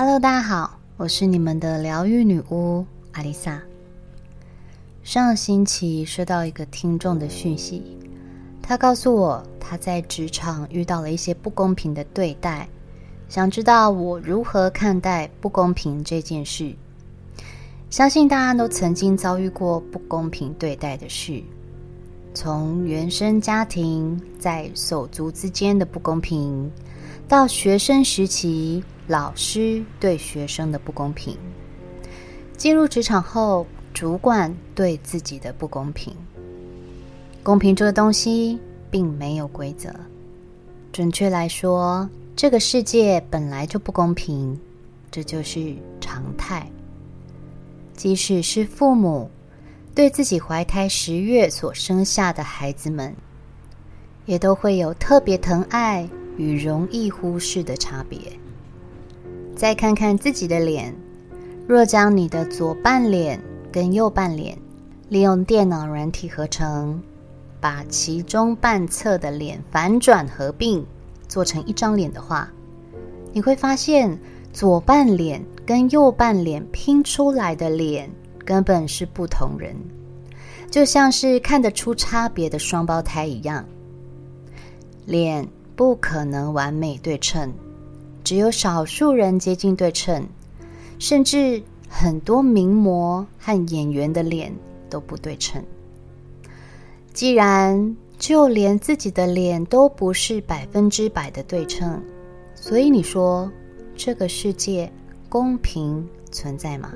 Hello，大家好，我是你們的療癒女巫阿麗薩。上星期收到一個聽眾的訊息，他告訴我他在職場遇到了一些不公平的對待，想知道我如何看待不公平這件事。相信大家都曾經遭遇過不公平對待的事，從原生家庭在手足之間的不公平，到學生時期。老師對學生的不公平，進入職場後，主管對自己的不公平。公平這個東西並沒有規則，準確來說，這個世界本來就不公平，這就是常態。即使是父母對自己懷胎十月所生下的孩子們，也都會有特別疼愛與容易忽視的差別。再看看自己的臉，若將你的左半臉跟右半臉利用電腦軟體合成，把其中半側的臉反轉合併，做成一張臉的話，你會發現左半臉跟右半臉拼出來的臉根本是不同人，就像是看得出差別的雙胞胎一樣，臉不可能完美對稱。只有少數人接近對稱，甚至很多名模和演員的臉都不對稱。既然就連自己的臉都不是百分之百的對稱，所以你說這個世界公平存在嗎？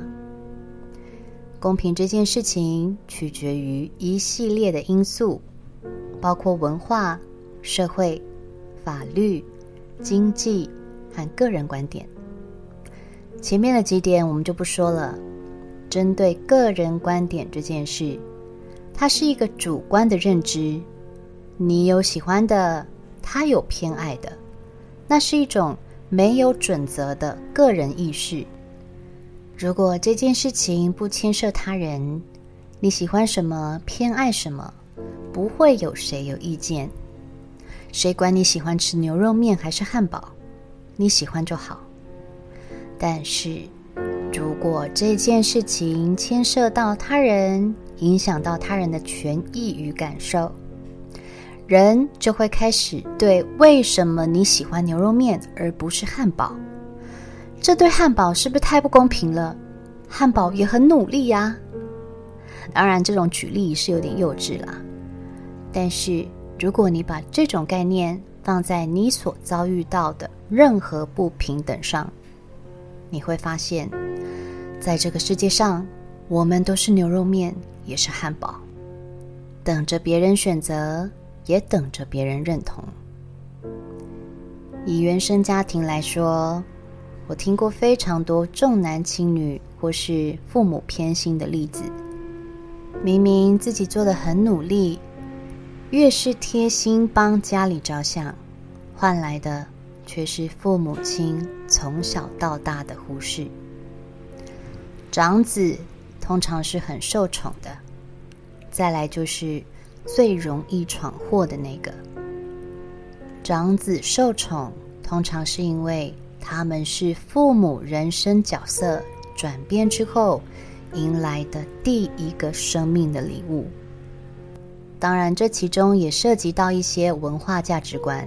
公平這件事情取決於一系列的因素，包括文化、社會、法律、經濟。和個人觀點，前面的幾點我們就不說了。針對個人觀點這件事，它是一個主觀的認知，你有喜歡的，他有偏愛的，那是一種沒有準則的個人意識。如果這件事情不牽涉他人，你喜歡什麼，偏愛什麼，不會有誰有意見。誰管你喜歡吃牛肉麵還是漢堡？你喜歡就好，但是，如果這件事情牽涉到他人，影響到他人的權益與感受，人就會開始對為什麼你喜歡牛肉麵而不是漢堡？這對漢堡是不是太不公平了？漢堡也很努力呀。當然，這種舉例是有點幼稚啦。但是，如果你把這種概念，放在你所遭遇到的任何不平等上，你會發現，在這個世界上，我們都是牛肉麵，也是漢堡，等着別人選擇，也等着別人認同。以原生家庭來說，我聽過非常多重男輕女或是父母偏心的例子，明明自己做的很努力。越是貼心幫家裡着想，換來的卻是父母親從小到大的忽視。長子通常是很受寵的，再來就是最容易闖禍的那個。長子受寵，通常是因為他們是父母人生角色轉變之後迎來的第一個生命的禮物。當然，這其中也涉及到一些文化價值觀。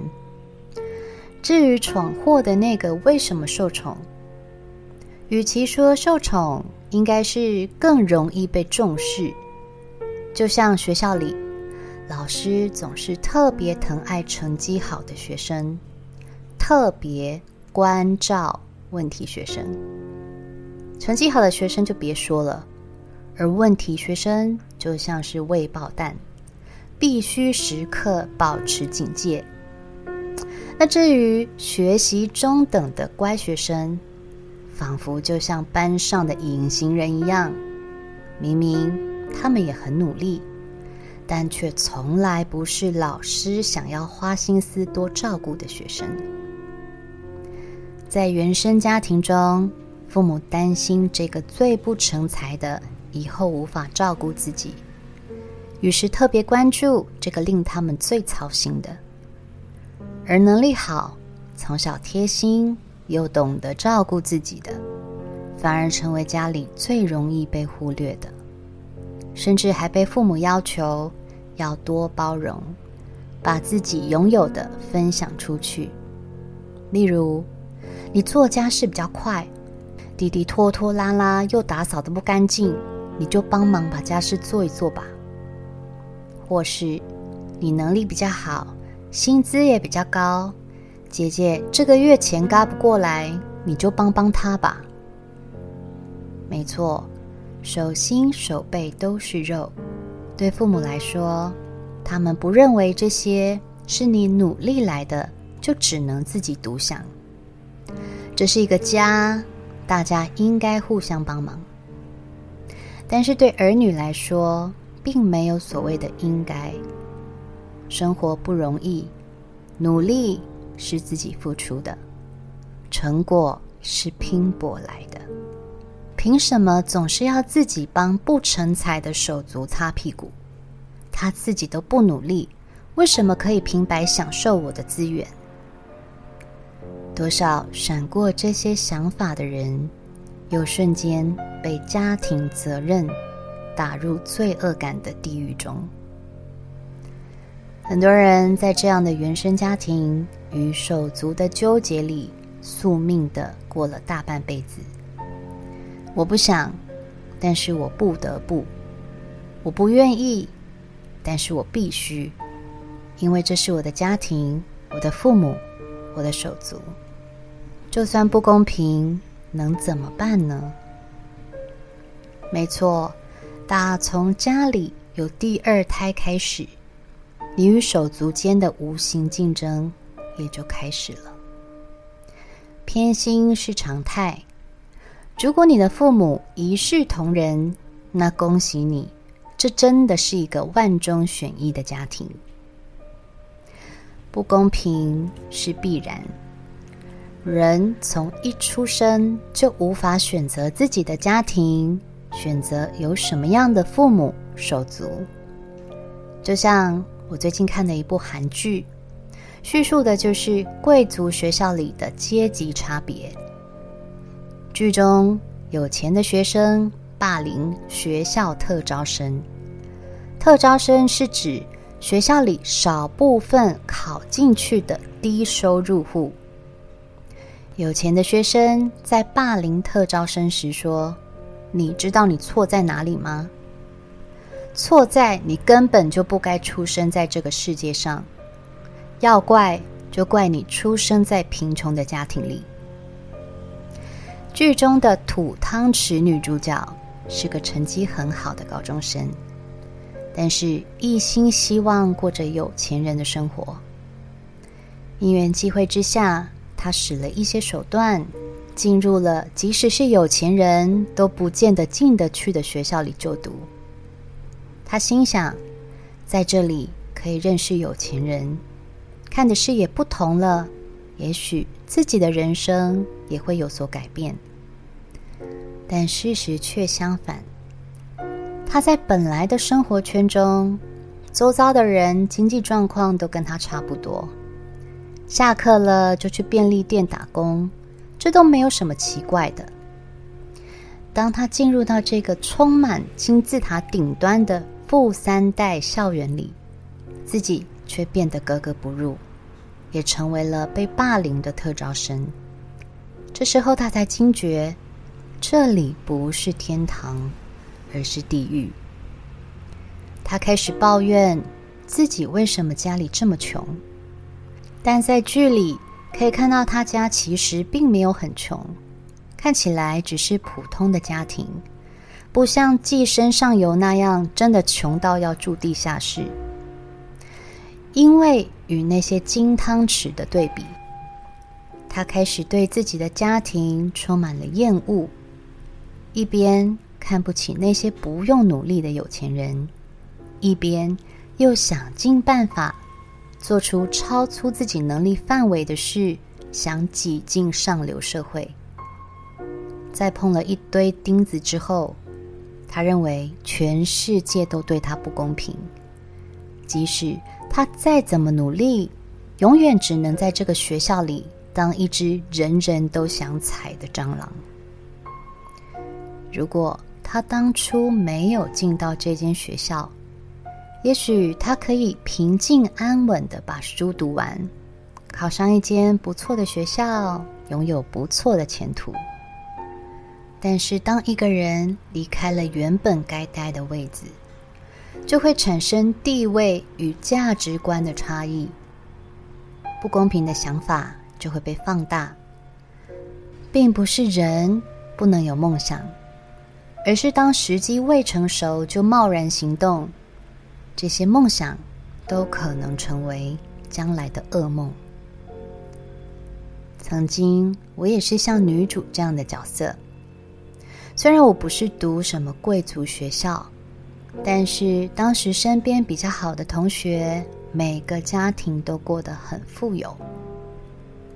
至於闖禍的那個為什麼受寵，與其說受寵，應該是更容易被重視。就像學校裡，老師總是特別疼愛成績好的學生，特別關照問題學生。成績好的學生就別說了，而問題學生就像是未爆彈。必須時刻保持警戒。那至於學習中等的乖學生，仿佛就像班上的隱形人一樣，明明他們也很努力，但卻從來不是老師想要花心思多照顧的學生。在原生家庭中，父母擔心這個最不成才的以後無法照顧自己，於是特別關注這個令他們最操心的，而能力好、從小貼心又懂得照顧自己的，反而成為家裡最容易被忽略的，甚至還被父母要求要多包容，把自己擁有的分享出去。例如，你做家事比較快，弟弟拖拖拉拉又打掃得不乾淨，你就幫忙把家事做一做吧。或是你能力比較好，薪資也比較高，姐姐這個月錢軋不過來，你就幫幫她吧。沒錯，手心手背都是肉。對父母來說，他們不認為這些是你努力來的，就只能自己獨享。這是一個家，大家應該互相幫忙。但是對兒女來說，並沒有所謂的應該。生活不容易，努力是自己付出的，成果是拼搏來的。憑什麼總是要自己幫不成才的手足擦屁股？他自己都不努力，為什麼可以平白享受我的資源？多少閃過這些想法的人，有瞬間被家庭責任。打入罪惡感的地獄中，很多人在這樣的原生家庭與手足的糾結裡，宿命的過了大半輩子。我不想，但是我不得不；我不願意，但是我必須，因為這是我的家庭，我的父母，我的手足。就算不公平，能怎麼辦呢？沒錯。打從家裡有第二胎開始，你與手足間的無形競爭也就開始了。偏心是常態，如果你的父母一視同仁，那恭喜你，這真的是一個萬中選一的家庭。不公平是必然，人從一出生就無法選擇自己的家庭。選擇有什麼樣的父母、手足？就像我最近看的一部韓劇，敘述的就是貴族學校裡的階級差別。劇中有錢的學生霸凌學校特招生，特招生是指學校裡少部分考進去的低收入戶。有錢的學生在霸凌特招生時說。你知道你錯在哪裡嗎？錯在你根本就不該出生在這個世界上，要怪就怪你出生在貧窮的家庭裡。劇中的土湯匙女主角是個成績很好的高中生，但是一心希望過着有錢人的生活。因緣際會之下，她使了一些手段。進入了即使是有錢人都不見得進得去的學校裡就讀。他心想，在這裡可以認識有錢人，看的視野不同了，也許自己的人生也會有所改變。但事實却相反，他在本來的生活圈中，周遭的人經濟狀況都跟他差不多。下課了就去便利店打工。這都沒有什麼奇怪的。當他進入到這個充滿金字塔頂端的富三代校園裡，自己卻變得格格不入，也成為了被霸凌的特招生。這時候他才驚覺，這裡不是天堂，而是地獄。他開始抱怨自己為什麼家裡這麼窮，但在劇裡。可以看到，他家其實並沒有很窮，看起來只是普通的家庭，不像寄生上流那樣真的窮到要住地下室。因為與那些金湯匙的對比，他開始對自己的家庭充滿了厭惡，一邊看不起那些不用努力的有錢人，一邊又想盡辦法。做出超出自己能力範圍的事，想擠進上流社會，在碰了一堆釘子之後，他認為全世界都對他不公平。即使他再怎麼努力，永遠只能在這個學校裡當一只人人都想踩的蟑螂。如果他當初沒有進到這間學校，也許他可以平靜安穩地把書讀完，考上一間不錯的學校，擁有不錯的前途。但是，當一個人離開了原本該待的位置，就會產生地位與價值觀的差異，不公平的想法就會被放大。並不是人不能有夢想，而是當時機未成熟就貿然行動。這些夢想都可能成為將來的噩夢。曾經，我也是像女主這樣的角色。雖然我不是讀什麼貴族學校，但是當時身邊比較好的同學，每個家庭都過得很富有。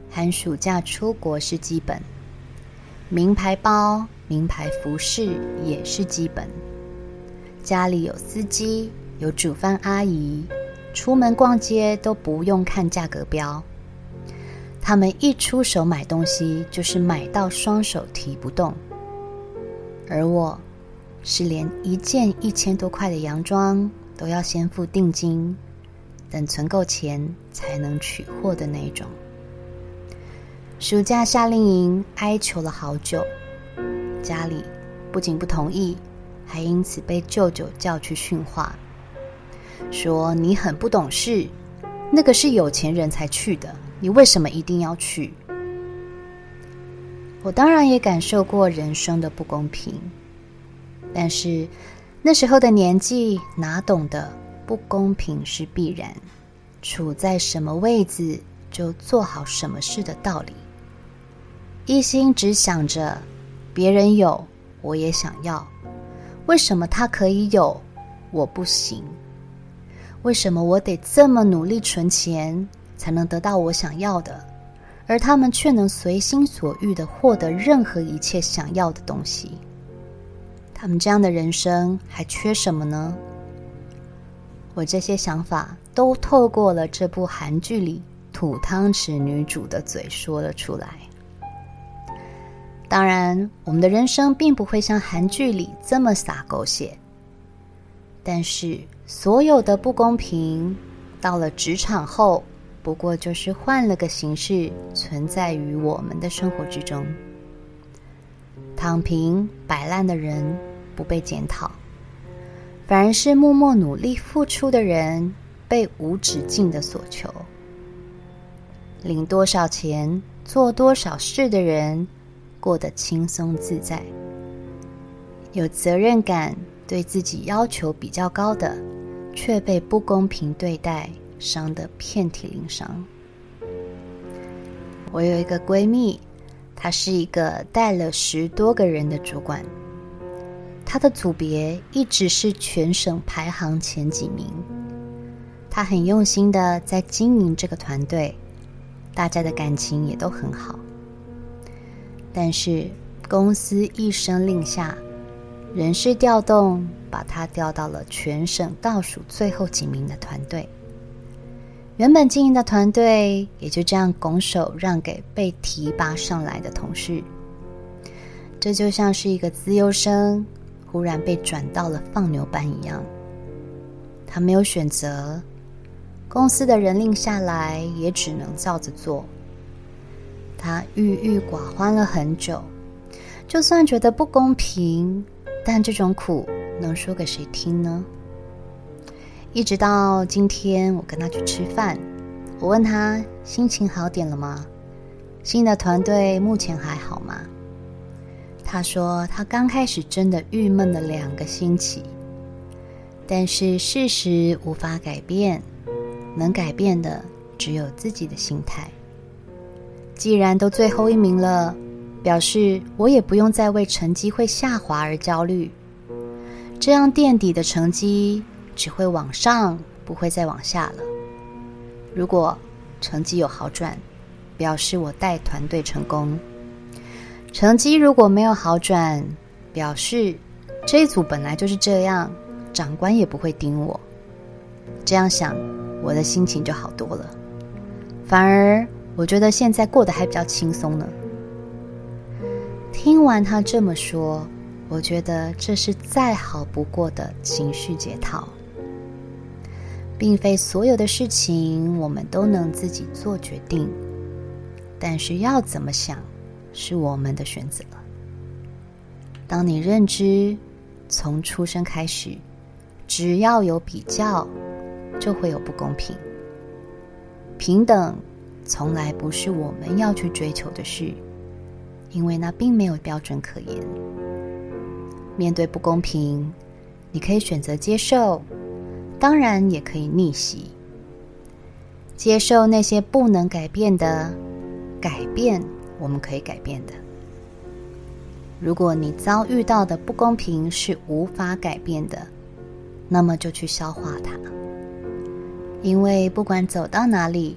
寒暑假出國是基本，名牌包、名牌服飾也是基本。家裡有司機。有煮飯阿姨，出門逛街都不用看價格標。他們一出手買東西就是買到雙手提不動。而我，是連一件一千多塊的洋裝都要先付定金，等存夠錢才能取貨的那種。暑假夏令營哀求了好久，家裡不僅不同意，還因此被舅舅叫去訓話。說你很不懂事，那個是有錢人才去的，你為什麼一定要去？我當然也感受過人生的不公平，但是那時候的年紀哪懂得不公平是必然，處在什麼位置就做好什麼事的道理，一心只想着別人有我也想要，為什麼他可以有，我不行？為什麼我得這麼努力存錢才能得到我想要的，而他們卻能隨心所欲的獲得任何一切想要的東西？他們這樣的人生還缺什麼呢？我這些想法都透過了這部韓劇裡土湯匙女主的嘴說了出來。當然，我們的人生並不會像韓劇裡這麼灑狗血，但是，所有的不公平，到了職場後，不過就是換了個形式存在於我們的生活之中。躺平擺爛的人不被檢討，反而是默默努力付出的人被無止境的索求。領多少錢做多少事的人，過得輕鬆自在，有責任感、對自己要求比較高的。卻被不公平對待，傷得遍體鱗傷。我有一個閨蜜，她是一個帶了十多個人的主管，她的組別一直是全省排行前幾名。她很用心的在經營這個團隊，大家的感情也都很好。但是公司一聲令下，人事調動。把他調到了全省倒數最後幾名的團隊，原本經營的團隊也就這樣拱手讓給被提拔上來的同事。這就像是一個資優生忽然被轉到了放牛班一樣，他沒有選擇，公司的人令下來也只能照着做。他鬱鬱寡歡了很久，就算覺得不公平，但這種苦，能說給誰聽呢？一直到今天，我跟他去吃飯，我問他心情好點了嗎？新的團隊目前還好嗎？他說他剛開始真的鬱悶了兩個星期，但是事實無法改變，能改變的只有自己的心態。既然都最後一名了，表示我也不用再為成績會下滑而焦慮。這樣墊底的成績只會往上，不會再往下了。如果成績有好轉，表示我帶團隊成功；成績如果沒有好轉，表示這一組本來就是這樣，長官也不會盯我。這樣想，我的心情就好多了。反而我覺得現在過得還比較輕鬆呢。聽完他這麼說。我覺得這是再好不過的情緒解套，並非所有的事情我們都能自己做決定，但是要怎麼想是我們的選擇。當你認知，從出生開始，只要有比較，就會有不公平。平等從來不是我們要去追求的事，因為那並沒有標準可言。面對不公平，你可以選擇接受，當然也可以逆襲。接受那些不能改變的，改變我們可以改變的。如果你遭遇到的不公平是無法改變的，那麼就去消化它，因為不管走到哪裡，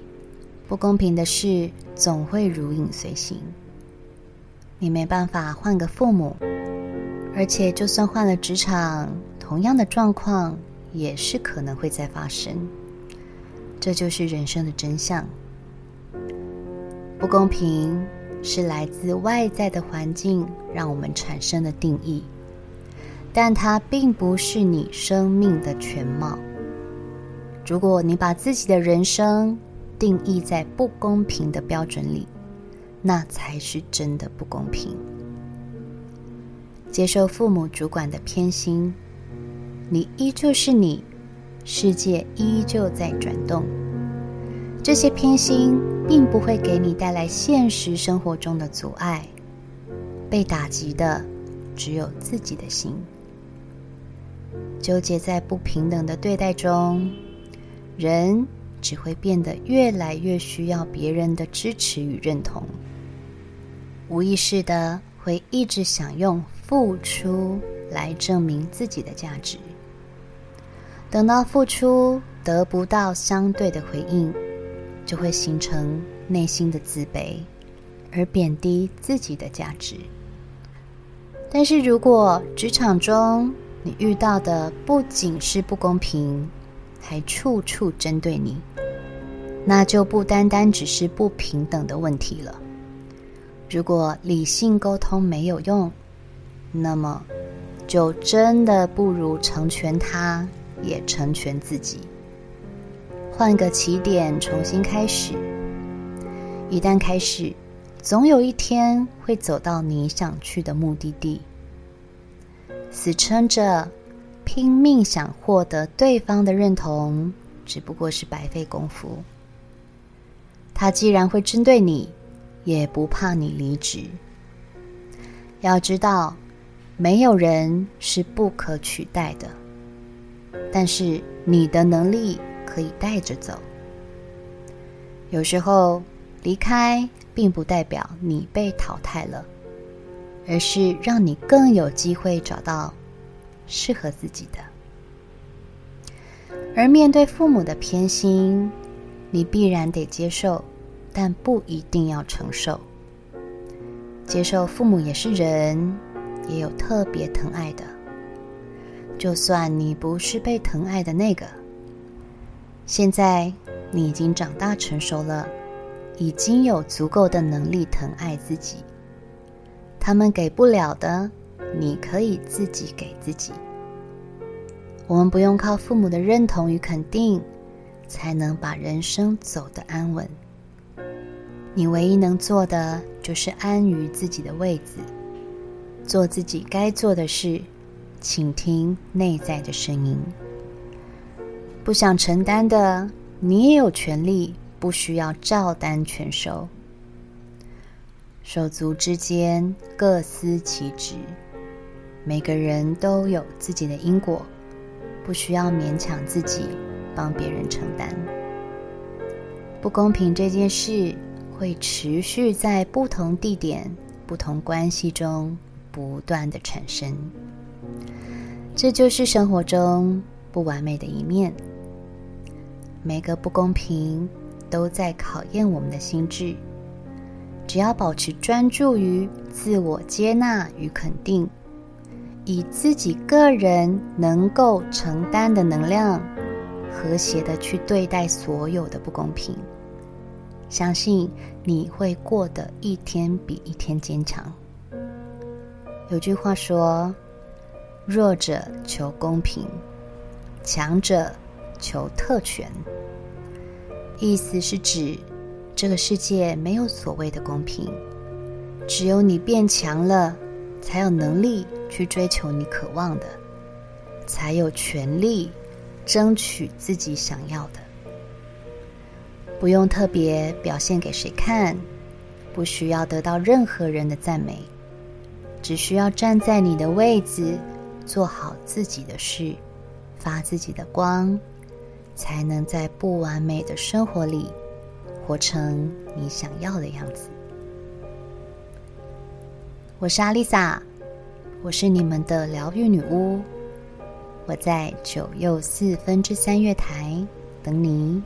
不公平的事總會如影隨形。你沒辦法換個父母。而且，就算換了職場，同樣的狀況也是可能會再發生。這就是人生的真相。不公平是來自外在的環境讓我們產生的定義，但它並不是你生命的全貌。如果你把自己的人生定義在不公平的標準裡，那才是真的不公平。接受父母主管的偏心，你依舊是你，世界依舊在轉動。這些偏心並不會給你帶來現實生活中的阻礙，被打擊的只有自己的心。糾結在不平等的對待中，人只會變得越來越需要別人的支持與認同，無意識的會一直享用。付出來證明自己的價值，等到付出得不到相對的回應，就會形成內心的自卑，而貶低自己的價值。但是如果職場中你遇到的不僅是不公平，還處處針對你，那就不單單只是不平等的問題了。如果理性溝通沒有用，那麼，就真的不如成全他，也成全自己。換個起點，重新開始。一旦開始，總有一天會走到你想去的目的地。死撐着，拼命想獲得對方的認同，只不過是白費功夫。他既然會針對你，也不怕你離職。要知道。沒有人是不可取代的，但是你的能力可以帶着走。有時候離開並不代表你被淘汰了，而是讓你更有機會找到適合自己的。而面對父母的偏心，你必然得接受，但不一定要承受。接受父母也是人。也有特別疼愛的，就算你不是被疼愛的那個，現在你已經長大成熟了，已經有足夠的能力疼愛自己。他們給不了的，你可以自己給自己。我們不用靠父母的認同與肯定，才能把人生走得安穩。你唯一能做的，就是安於自己的位子。做自己該做的事，請聽內在的聲音。不想承擔的，你也有權利，不需要照單全收。手足之間各司其職，每個人都有自己的因果，不需要勉強自己幫別人承擔。不公平這件事會持續在不同地點、不同關係中，不斷的產生，這就是生活中不完美的一面。每個不公平都在考驗我們的心智。只要保持專注於自我接納與肯定，以自己個人能夠承擔的能量，和諧的去對待所有的不公平，相信你會過得一天比一天堅強。有句話說：“弱者求公平，強者求特權。”意思是指這個世界沒有所謂的公平，只有你變強了，才有能力去追求你渴望的，才有權利爭取自己想要的。不用特別表現給誰看，不需要得到任何人的讚美。只需要站在你的位置，做好自己的事，發自己的光，才能在不完美的生活裡，活成你想要的樣子。我是阿麗薩，我是你們的療癒女巫，我在九又四分之三月台等你。